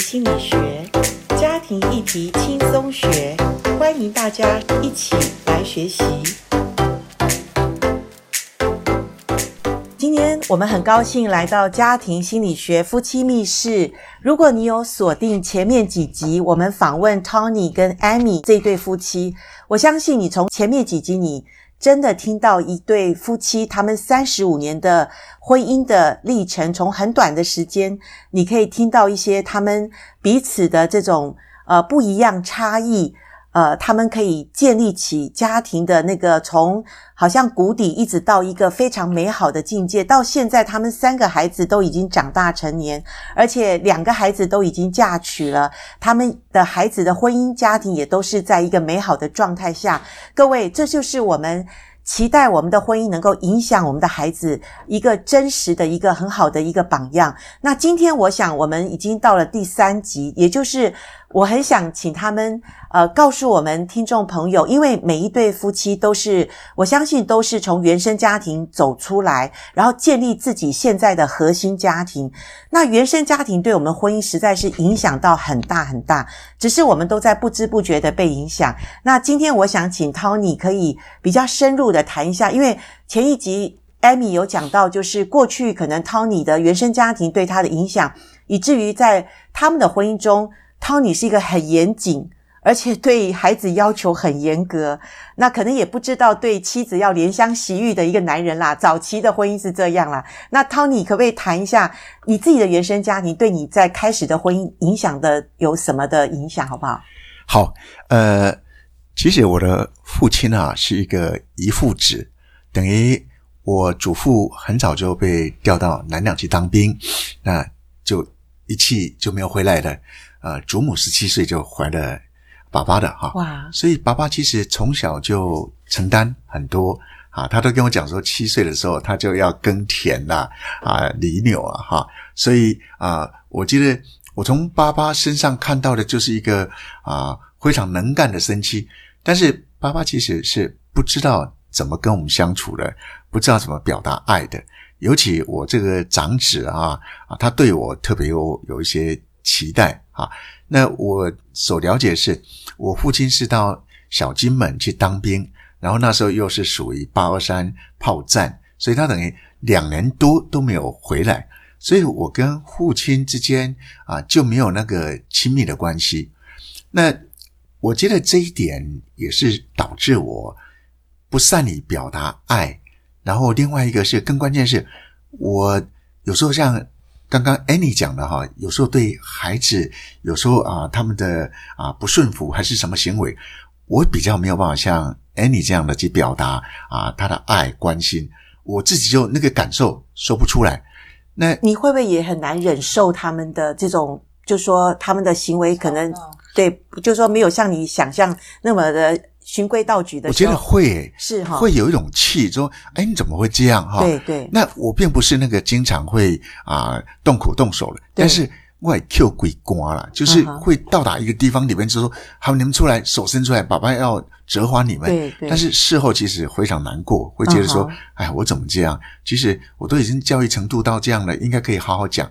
心理學家庭議題輕鬆學，歡迎大家一起來學習。今天我們很高興來到家庭心理學夫妻密室。如果你有鎖定前面幾集，我們訪問 Tony 跟 Anny 這對夫妻，我相信你從前面幾集你。真的聽到一對夫妻，他們三十五年的婚姻的歷程，從很短的時間，你可以聽到一些他們彼此的這種呃、不一樣差異。呃，他們可以建立起家庭的那個從好像谷底一直到一個非常美好的境界。到現在，他們三個孩子都已經長大成年，而且兩個孩子都已經嫁娶了，他們的孩子的婚姻家庭也都是在一個美好的狀態下。各位，這就是我們期待我們的婚姻能夠影響我們的孩子一個真實的一個很好的一個榜樣。那今天，我想我們已經到了第三集，也就是。我很想請他們，呃，告訴我們聽眾朋友，因為每一對夫妻都是，我相信都是從原生家庭走出來，然後建立自己現在的核心家庭。那原生家庭對我們婚姻實在是影響到很大很大，只是我們都在不知不覺的被影響。那今天我想請 Tony 可以比較深入的談一下，因為前一集 Anny 有講到，就是過去可能 Tony 的原生家庭對他的影響，以至於在他們的婚姻中。Tony 是一個很嚴謹，而且對孩子要求很嚴格，那可能也不知道對妻子要憐香惜玉的一個男人啦。早期的婚姻是這樣啦。那 Tony 可不可以談一下你自己的原生家庭對你在開始的婚姻影響的有什麼的影響？好不好？好，呃，其實我的父親啊是一個遺腹子，等於我祖父很早就被調到南洋去當兵，那就一去就沒有回來了。呃，祖母十七歲就懷了爸爸的哈，哇！所以爸爸其實從小就承擔很多啊，他都跟我講說，七歲的時候他就要耕田啦、啊，啊，犁牛啊，哈、啊！所以啊，我記得我從爸爸身上看到的就是一個啊非常能幹的身軀，但是爸爸其實是不知道怎麼跟我們相處的，不知道怎麼表達愛的，尤其我這個長子啊啊，他對我特別有有一些。期待啊！那我所了解的是，我父親是到小金門去當兵，然後那時候又是屬於八二三炮戰，所以他等於兩年多都沒有回來，所以我跟父親之間啊就沒有那個親密的關係。那我覺得這一點也是導致我不善於表達愛。然後另外一個是更關鍵是我有時候像。剛剛 Anny 講的哈，有時候對孩子，有時候啊，他們的啊不順服還是什麼行為，我比較沒有辦法像 Anny 這樣的去表達啊他的愛關心，我自己就那個感受說不出來。那你會不會也很難忍受他們的這種，就是說他們的行為可能、嗯、對，就是說沒有像你想象那麼的。循規蹈矩的，我覺得會是哈、哦，會有一種氣，說哎，你怎麼會這樣哈、啊？對對。那我並不是那個經常會啊、呃、動口動手的，對對，但是外 Q 歸瓜了，就是會到達一個地方裡面，就、uh huh、說好，你們出來，手伸出來，爸爸要折花你們。對對。但是事後其實非常難過，會覺得說，uh huh、哎，我怎麼這樣？其實我都已經教育程度到這樣了，應該可以好好講。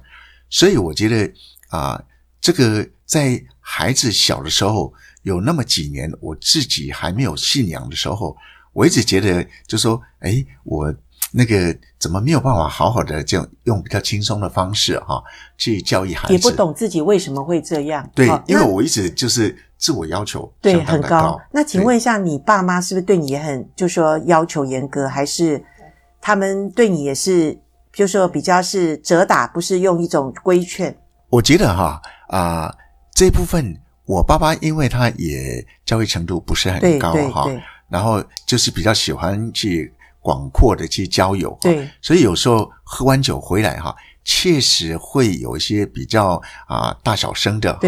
所以我覺得啊、呃，這個在孩子小的時候。有那麼幾年，我自己還沒有信仰的時候，我一直覺得，就說，哎，我那個怎麼沒有辦法好好的，這樣用比較輕鬆的方式哈、啊，去教育孩子，也不懂自己為什麼會這樣。對，哦、因為我一直就是自我要求對很高。那請問一下，你爸媽是不是對你也很，就是、說要求嚴格，還是他們對你也是，就是、說比較是責打，不是用一種規勸？我覺得哈啊、呃，這部分。我爸爸因為他也教育程度不是很高哈，對對對，然後就是比較喜歡去廣闊的去交友，對，所以有時候喝完酒回來哈，確實會有一些比較啊大小聲的，哈。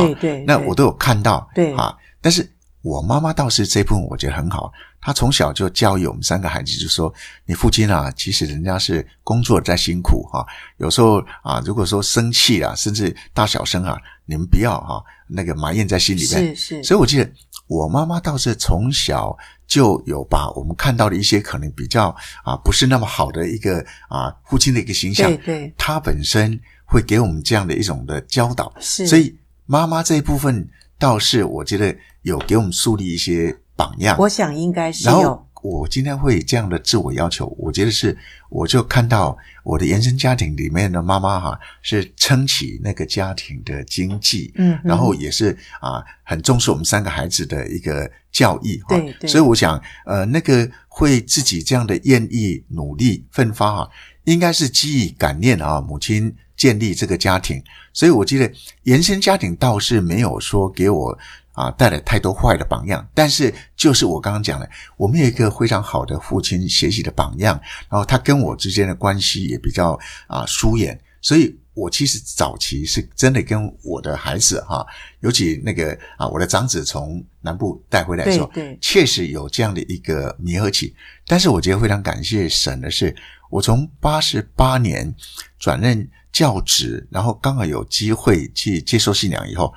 那我都有看到，哈，但是。我媽媽倒是這部分我覺得很好，她從小就教育我們三個孩子，就說：“你父親啊，其實人家是工作再辛苦哈，啊，有時候啊，如果說生氣啊，甚至大小聲啊，你們不要哈，啊，那個埋怨在心裡面。”是是是。所以，我記得我媽媽倒是從小就有把我們看到的一些可能比較啊不是那麼好的一個啊父親的一個形象，對，對。她本身會給我們這樣的一種的教導。是。所以，媽媽這一部分倒是我覺得。有給我們樹立一些榜樣，我想應該是有。然後我今天會以這樣的自我要求，我覺得是，我就看到我的原生家庭裡面的媽媽哈，是撐起那個家庭的經濟，嗯哼，然後也是啊，很重視我們三個孩子的一個教育，對、嗯哼，所以我想，呃，那個會自己這樣的願意努力奮發啊，應該是基於感念啊，母親建立這個家庭，所以我記得原生家庭倒是沒有說給我。啊，帶來太多壞的榜樣，但是就是我剛剛講的，我們有一個非常好的父親學習的榜樣，然後他跟我之間的關係也比較啊疏遠，所以我其實早期是真的跟我的孩子哈，尤其那個啊我的長子從南部帶回來的時候，確實有這樣的一個彌合期。但是我覺得非常感謝神的是，我從八十八年轉任教職，然後剛好有機會去接受信仰以後。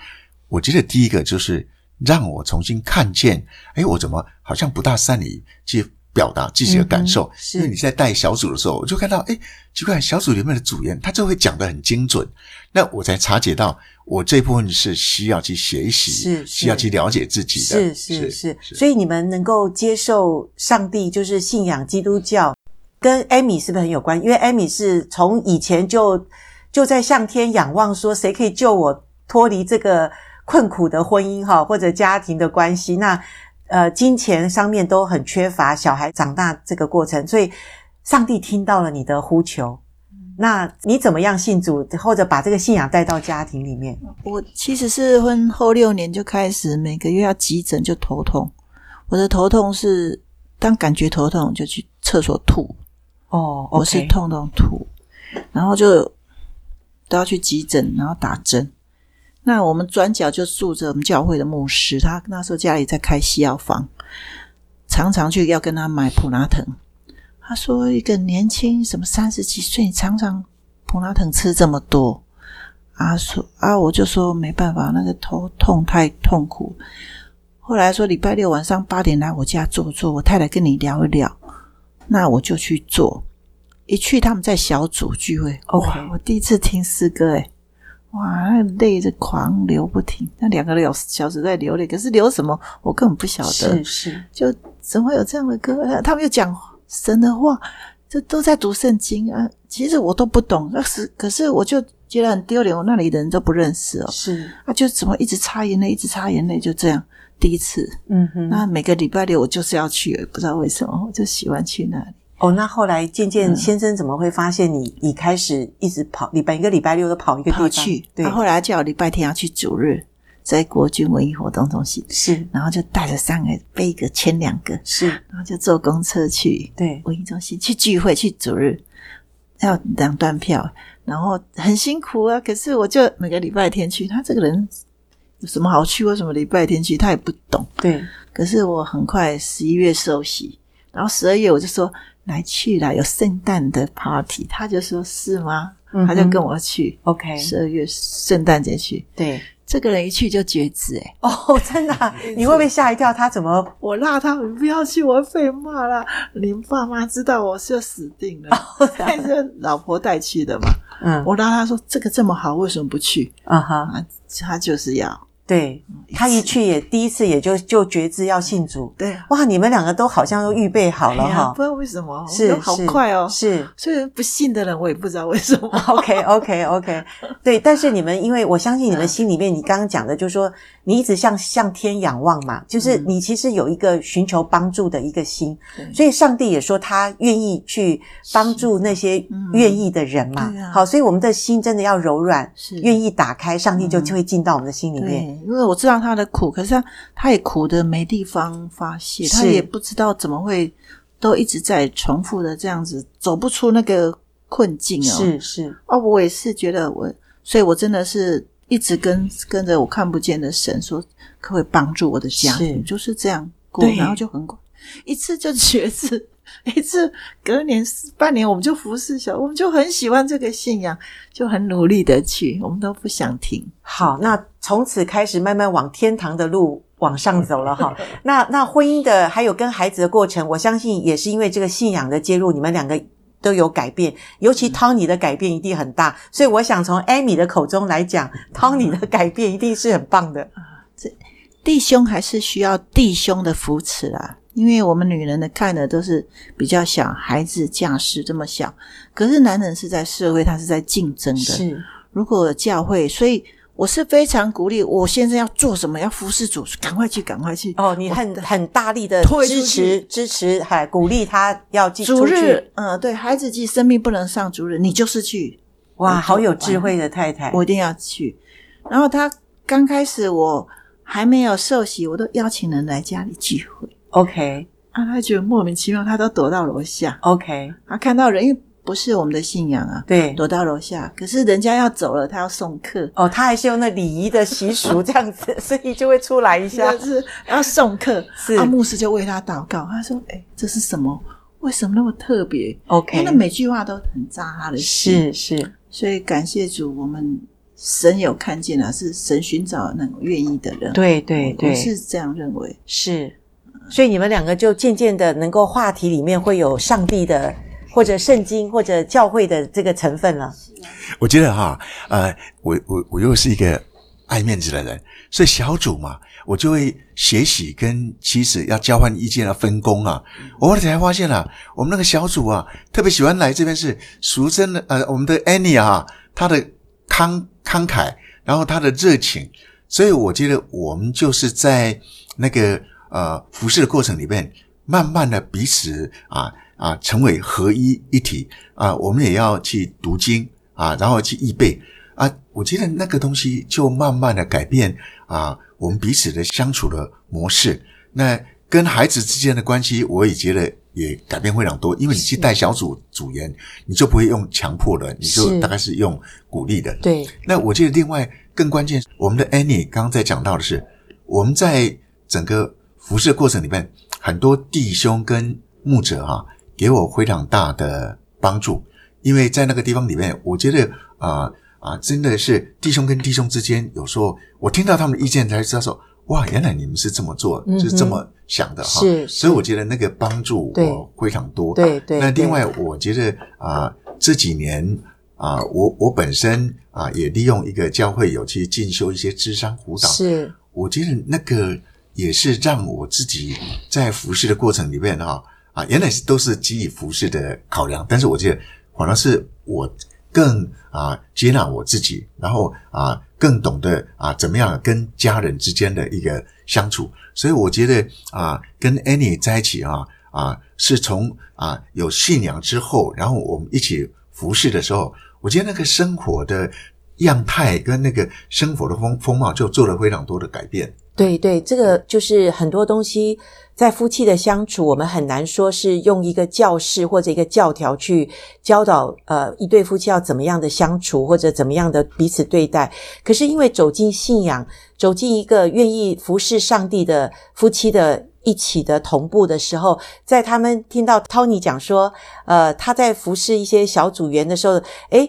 我覺得第一個就是讓我重新看見，哎，我怎麼好像不大善於去表達自己的感受？嗯、是因為你在帶小組的時候，我就看到，哎，儘管小組裡面的組員他就會講得很精準，那我才察覺到我這部分是需要去學習，是需要去了解自己的，是是是。是是是是，所以你們能夠接受上帝，就是信仰基督教，跟 Anny 是不是很有關係？因為 Anny 是從以前就就在向天仰望，說誰可以救我脫離這個？困苦的婚姻哈，或者家庭的關係，那呃，金錢上面都很缺乏，小孩長大這個過程，所以上帝聽到了你的呼求，那你怎麼樣信主，或者把這個信仰帶到家庭裡面？我其實是婚後六年就開始每個月要急診，就頭痛。我的頭痛是當感覺頭痛就去廁所吐哦，oh, okay. 我是痛痛吐，然後就都要去急診，然後打針。那我們轉角就住着我們教會的牧師，他那時候家裡在開西藥房，常常去要跟他買普拿疼。他說一個年輕什麼三十幾歲，你常常普拿疼吃這麼多。說啊說啊，我就說沒辦法，那個頭痛，痛太痛苦。後來說禮拜六晚上八點來我家坐坐，我太太跟你聊一聊。那我就去坐。一去他們在小組聚會，Okay. 哇！我第一次聽詩歌、欸，誒哇，淚在狂流不停，那兩個小時小時在流淚，可是流什麼，我根本不曉得。是是，是就怎麼會有這樣的歌？他們又講神的話，這都在讀聖經啊。其實我都不懂，那時，可是我就覺得很丟臉，我那裡的人都不認識哦。是，啊就怎麼一直擦眼淚，一直擦眼淚，就這樣。第一次，嗯哼，那每個禮拜六我就是要去，不知道為什麼我就喜歡去那裡。哦，那後來漸漸先生怎麼會發現你？你開始一直跑，一每個禮拜六都跑一個地方。跑去對，啊、後來叫我禮拜天要去主日，在國軍文藝活動中心是，然後就帶着三個背一個，牽兩個是，然後就坐公車去對文藝中心去聚會去主日要兩段票，然後很辛苦啊。可是我就每個禮拜天去，他這個人有什麼好去為什麼禮拜天去，他也不懂。對，可是我很快十一月受洗，然後十二月我就說。來去了有聖誕的 party，他就說是嗎？嗯、哼他就跟我去，OK，十二月聖誕節去。對，這個人一去就決志誒哦，真的、啊，不是你會不會嚇一跳。他怎麼，我拉他，你不要去，我會被罵了。您爸媽知道我是就死定了，oh, 了但是老婆帶去的嘛。嗯，我拉他說這個這麼好，為什麼不去？啊哈、uh huh.，他就是要。對，他一去也第一次也就就決志要信主，對、啊、哇你們兩個都好像都預備好了哈、啊、好不知道為什麼是好快哦是，所以不信的人我也不知道為什麼 OK OK OK 對，但是你們因為我相信你們心裡面你剛剛講的就是說，你一直向向天仰望嘛，就是你其實有一個尋求幫助的一個心、嗯、所以上帝也說他願意去幫助那些願意的人嘛、嗯、好，所以我們的心真的要柔軟，是願意打開，上帝就會進到我們的心裡面。嗯因為我知道他的苦，可是他他也苦得沒地方發泄，是他也不知道怎麼會都一直在重複的這樣子，走不出那個困境哦。是是哦，我也是覺得我，所以我真的是一直跟是跟着我看不見的神說，可不可以幫助我的家是，就是這樣過，對然後就很一次就絕子。每次隔年半年，我們就服侍小，我們就很喜歡這個信仰，就很努力的去，我們都不想停。好，嗯、那從此開始慢慢往天堂的路往上走了哈。嗯、那那婚姻的還有跟孩子的過程，我相信也是因為這個信仰的介入，你們兩個都有改變，尤其 Tony 的改變一定很大。嗯、所以我想從 Amy 的口中來講，嗯、Tony 的改變一定是很棒的，嗯啊、這弟兄還是需要弟兄的扶持啊。因為我們女人的看的都是比較小，孩子家事這麼小，可是男人是在社會，他是在競爭的。是，如果有教會，所以我是非常鼓勵。我先生要做什麼？要服侍主，趕快去，趕快去。哦，你很我很大力的支持支持，還鼓勵他要進主日。去嗯，對孩子祭生命不能上主日，你就是去。嗯、哇，嗯、好有智慧的太太，我一定要去。然後他剛開始我還沒有受洗，我都邀請人來家裡聚會。OK，啊，他覺得莫名其妙，他都躲到樓下。OK，他看到人，因為不是我們的信仰啊，對，躲到樓下。可是人家要走了，他要送客。哦，他還是用那禮儀的習俗這樣子， 所以就會出來一下，就是要送客。是。他、啊、牧師就為他禱告，他說：“哎、欸，這是什麼？為什麼那麼特別？OK，他那每句話都很扎他的心。是”是是，所以感謝主，我們神有看見了、啊，是神尋找那個願意的人。對對對，我是這樣認為。是。所以你們兩個就漸漸的能夠話題裡面會有上帝的或者聖經或者教會的這個成分了。是啊、我覺得哈，呃，我我我又是一個愛面子的人，所以小組嘛，我就會學習跟妻子要交換意見，要分工啊。我後來發現了、啊，我們那個小組啊，特別喜歡來這邊是，俗稱的呃，我們的 Anny 啊，她的慷慷慨，然後她的熱情，所以我覺得我們就是在那個。呃，服事的過程裡面，慢慢的彼此啊啊成為合一一體啊，我們也要去讀經啊，然後去預備啊。我記得那個東西就慢慢的改變啊，我們彼此的相處的模式。那跟孩子之間的關係，我也覺得也改變非常多，因為你去帶小組組員，是你就不會用強迫的，你就大概是用鼓勵的。對。那我記得另外更關鍵，我們的 Annie 剛剛在講到的是，我們在整個。服侍的過程裡面，很多弟兄跟牧者哈、啊，給我非常大的幫助，因為在那個地方裡面，我覺得啊、呃、啊，真的是弟兄跟弟兄之間，有時候我聽到他們的意見，才知道說，哇，原來你們是這麼做，嗯、哼是這麼想的哈、啊。是是所以我覺得那個幫助我非常多。對對，對，對、啊。那另外，我覺得啊、呃，這幾年啊、呃，我我本身啊、呃，也利用一個教會有去進修一些諮商輔導，是，我覺得那個。也是讓我自己在服侍的過程裡面哈啊、啊，原來是都是給予服侍的考量，但是我覺得反而是我更啊接納我自己，然後啊更懂得啊怎麼樣跟家人之間的一個相處，所以我覺得啊跟 Anny 在一起啊啊是從啊有信仰之後，然後我們一起服侍的時候，我覺得那個生活的樣態跟那個生活的風風貌就做了非常多的改變。對對，這個就是很多東西在夫妻的相處，我們很難說是用一個教室或者一個教條去教導，呃，一對夫妻要怎麼樣的相處，或者怎麼樣的彼此對待。可是因為走進信仰，走進一個願意服侍上帝的夫妻的一起的同步的時候，在他們聽到 Tony 講說，呃，他在服侍一些小組員的時候，哎。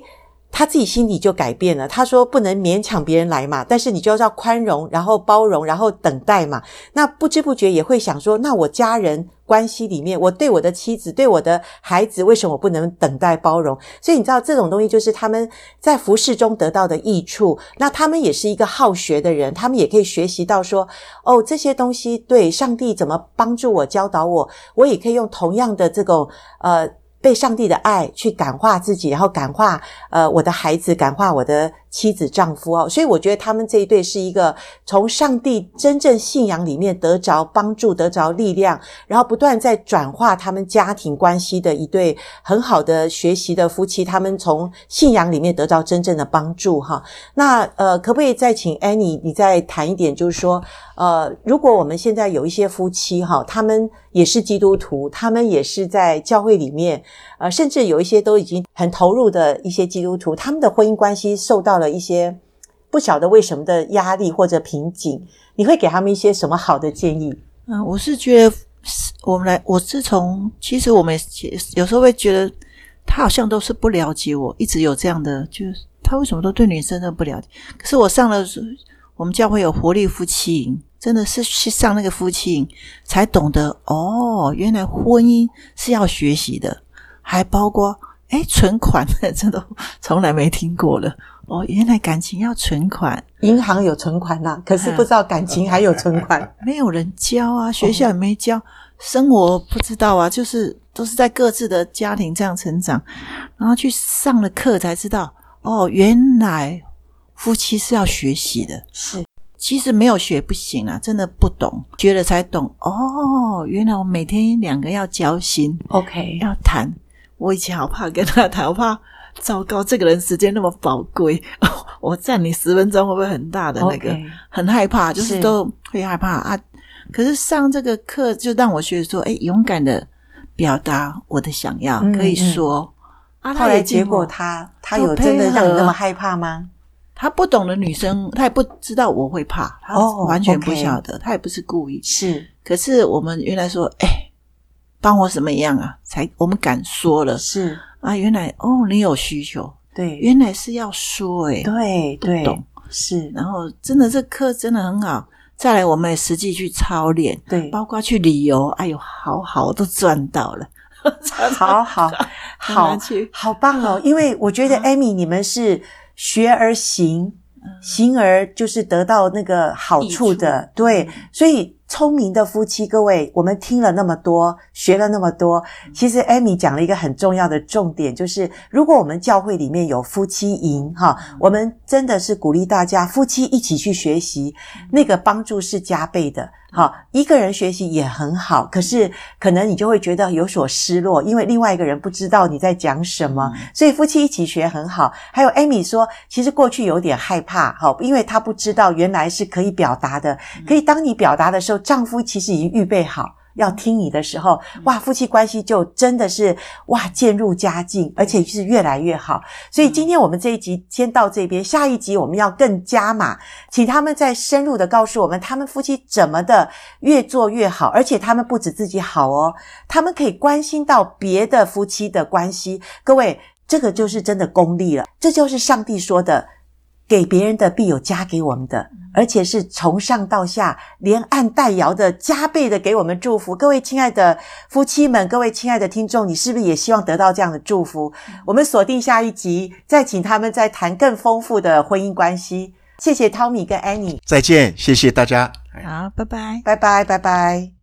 他自己心裡就改變了。他說：“不能勉強別人來嘛，但是你就要寬容，然後包容，然後等待嘛。那不知不覺也會想說，那我家人關係裡面，我對我的妻子，對我的孩子，為什麼我不能等待包容？所以你知道這種東西，就是他們在服事中得到的益處。那他們也是一個好學的人，他們也可以學習到說，哦，這些東西對上帝怎麼幫助我、教導我，我也可以用同樣的這種呃。”被上帝的愛去感化自己，然後感化呃我的孩子，感化我的妻子、丈夫哦。所以我覺得他們這一對是一個從上帝真正信仰裡面得着幫助、得着力量，然後不斷在轉化他們家庭關係的一對很好的學習的夫妻。他們從信仰裡面得到真正的幫助哈。那呃，可不可以再請 Anny 你再談一點，就是說呃，如果我們現在有一些夫妻哈，他們也是基督徒，他們也是在教會裡面。呃，甚至有一些都已經很投入的一些基督徒，他們的婚姻關係受到了一些不曉得為什麼的壓力或者瓶頸。你會給他們一些什麼好的建議？嗯、呃，我是覺得我們來，我自從其實我們有時候會覺得他好像都是不了解我，一直有這樣的，就是他為什麼都對女生都不了解？可是我上了我們教會有活力夫妻營，真的是去上那個夫妻營才懂得哦，原來婚姻是要學習的。還包括哎，存款這都從來沒聽過了哦。原來感情要存款，銀行有存款啦，可是不知道感情還有存款，啊，哎哎，沒有人教啊，哦，學校也沒教，生活不知道啊，就是都是在各自的家庭這樣成長，然後去上了課才知道哦，原來夫妻是要學習的，是，其實沒有學不行啊，真的不懂，學了才懂哦，原來我每天兩個要交心，OK，哦，要談。我以前好怕跟他談，我怕糟糕，這個人時間那麼寶貴，哦，我佔你十分鐘會不會很大的那個？Okay. 很害怕，就是都會害怕是啊。可是上這個課就讓我覺得說，哎、欸，勇敢的表達我的想要，嗯、可以說。他也、嗯啊、後來結果他，他有真的讓你那麼害怕嗎、啊？他不懂的女生，他也不知道我會怕，他完全不曉得，oh, okay. 他也不是故意。是，可是我們原來說，誒、欸幫我什麼樣啊？才我們敢說了是啊，原來哦，你有需求對，原來是要說誒、欸、對懂對，是。然後真的這課真的很好，再來我們也實際去操練，對，包括去旅遊，哎呦，好好我都賺到了， 好好好好棒哦！因為我覺得 Anny，你們是學而行，啊、行而就是得到那個好處的，處對，所以。聰明的夫妻，各位，我們聽了那麼多，學了那麼多，其實 Anny 講了一個很重要的重點，就是如果我們教會裡面有夫妻營，哈，我們真的是鼓勵大家夫妻一起去學習，那個幫助是加倍的。好，一個人學習也很好，可是可能你就會覺得有所失落，因為另外一個人不知道你在講什麼，所以夫妻一起學很好。還有 Anny 說，其實過去有點害怕，好，因為她不知道原來是可以表達的，可以當你表達的時候，丈夫其實已經預備好。要聽你的時候，哇，夫妻關係就真的是哇，漸入佳境，而且就是越來越好。所以今天我們這一集先到這邊，下一集我們要更加碼，請他們再深入的告訴我們，他們夫妻怎麼的越做越好，而且他們不止自己好哦，他們可以關心到別的夫妻的關係。各位，這個就是真的功力了，這就是上帝說的。給別人的必有加給我們的，而且是從上到下，連按帶搖的加倍的給我們祝福。各位親愛的夫妻們，各位親愛的聽眾，你是不是也希望得到這樣的祝福？嗯、我們鎖定下一集，再請他們再談更豐富的婚姻關係。謝謝 Tony 跟 Anny，再見，謝謝大家，好，拜拜，拜拜，拜拜，拜拜。